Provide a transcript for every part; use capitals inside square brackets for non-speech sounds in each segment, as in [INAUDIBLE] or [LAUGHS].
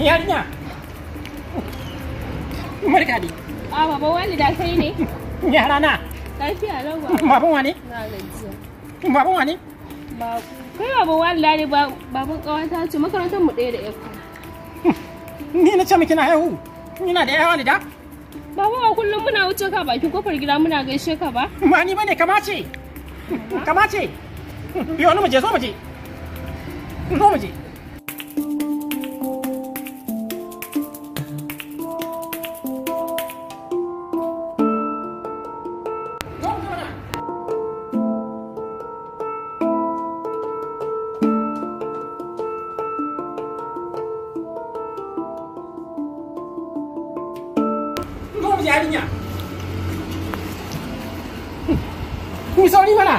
yarinya barka dai a ah, baba wani da kai ne yara na lafiya lau ba baban wani na wani kai babu wani lare baban kawata ce makarantar mu ɗaya da yau. ni na ce miki na haihu ina da yawa da Baba ba kullum muna wuce ka bakin kofar gida muna gaishe ka ba. Ba ni bane kama ce. Kama ce. Yo ni mu je zo mu je. Zo mu je. mu yarinya ku sauri mana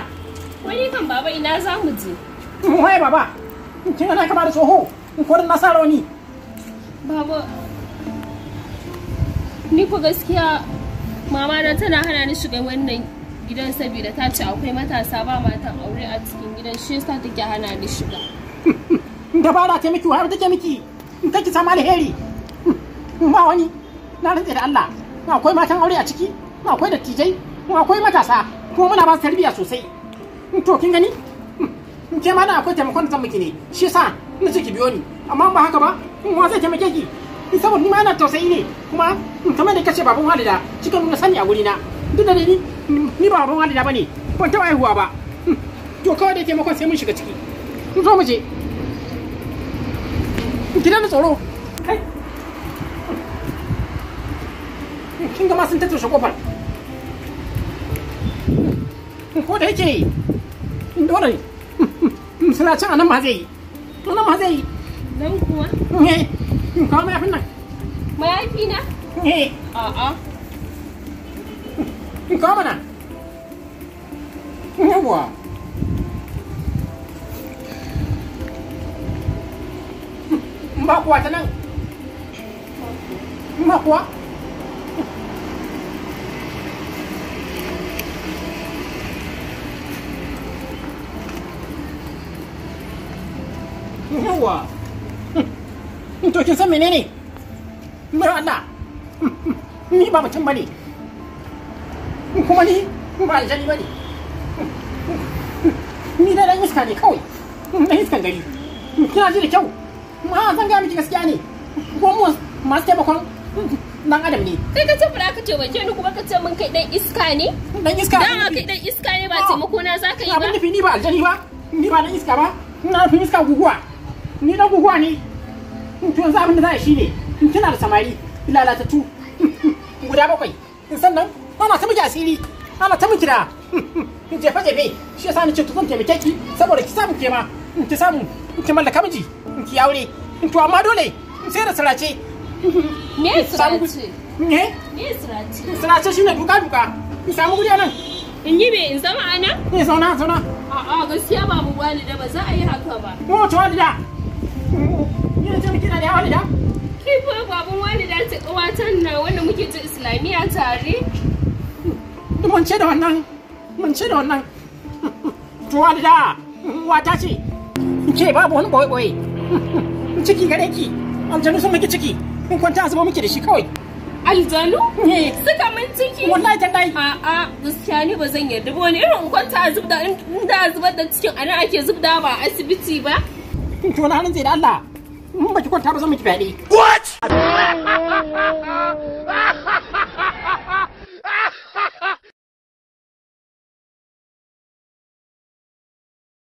wani kan baba ina za mu je mu waye baba kin ga na kama da tsoho ko na sa rauni baba ni ko gaskiya mama na tana hana ni shiga wannan gidan saboda ta ce akwai matasa ba matan aure a cikin gidan shi yasa take hana ni shiga dabara ta miki har take miki take samu alheri ba wani na rantsa da Allah kuma akwai matan aure a ciki kuma akwai dattijai kuma akwai matasa kuma muna ba su tarbiyya sosai hmm, to kin gani hmm, in ke ma na akwai taimakon da miki ne shi yasa ina ce ki biyo ni amma ba haka ba in wa zai taimake ki in saboda ni ma ina tausayi ne kuma kamar da kace baban walida kika nuna sani a na duk da ni ni ba baban walida bane ban taɓa haihuwa ba hmm, to kawai da taimakon sai mun shiga ciki in zo mu je gidan tsoro kai kin ga ma sun tattaushe kofar ko da yake dole ne suna can anan ma zai yi nan ma zai yi dan kuwa eh kawo mayafin nan mayafi na eh a'a kawo mana yawwa ba kuwa ta nan ba yawa to kin san menene mura Allah ni ba mutum bane kuma ni ba aljani bane ni da dan iska ne kawai dan iskan gari kina ji da kyau ma zan ga miki gaskiya ne ko mu masu taimakon dan adam ne kai ka ce fara ka ce bace ni kuma ka ce mun kai dan iska ne dan iska ne kai dan iska ne ba ah. taimako na zaka yi ba abin nufi ni ba aljani ba ni ba dan iska ba na fi iska guguwa ni dan guguwa ne to yanzu abin da za a shi ne in kina da samari lalatattu [LAUGHS] guda bakwai sannan ana ta miki asiri ana ta miki da [LAUGHS] jefe jefe shi sa ni ce to zan taimake ki saboda ki samu kema ki samu ki mallaka miji ki aure to amma dole sai da sirace me [LAUGHS] sirace ne me sirace sirace ne duka duka ki samu guri nan in yi me in zama ana ne eh, zauna zauna a'a gaskiya babu da ba za a yi haka ba ko to da. mutum kina da yawan da ki ko babun wani da ta wanda muke ta islamiyya tare mun ce da wannan mun ce da wannan da wata ce babu wani boye boye ciki gare ki aljanu sun miki ciki in kwanta zuba miki da shi kawai aljanu suka min ciki wallahi ta dai a gaskiya ba zan yarda ba wani irin kwanta zubda in da zubar da cikin anan ake zubda ba asibiti ba to na nan sai da Allah What? [LAUGHS] [LAUGHS]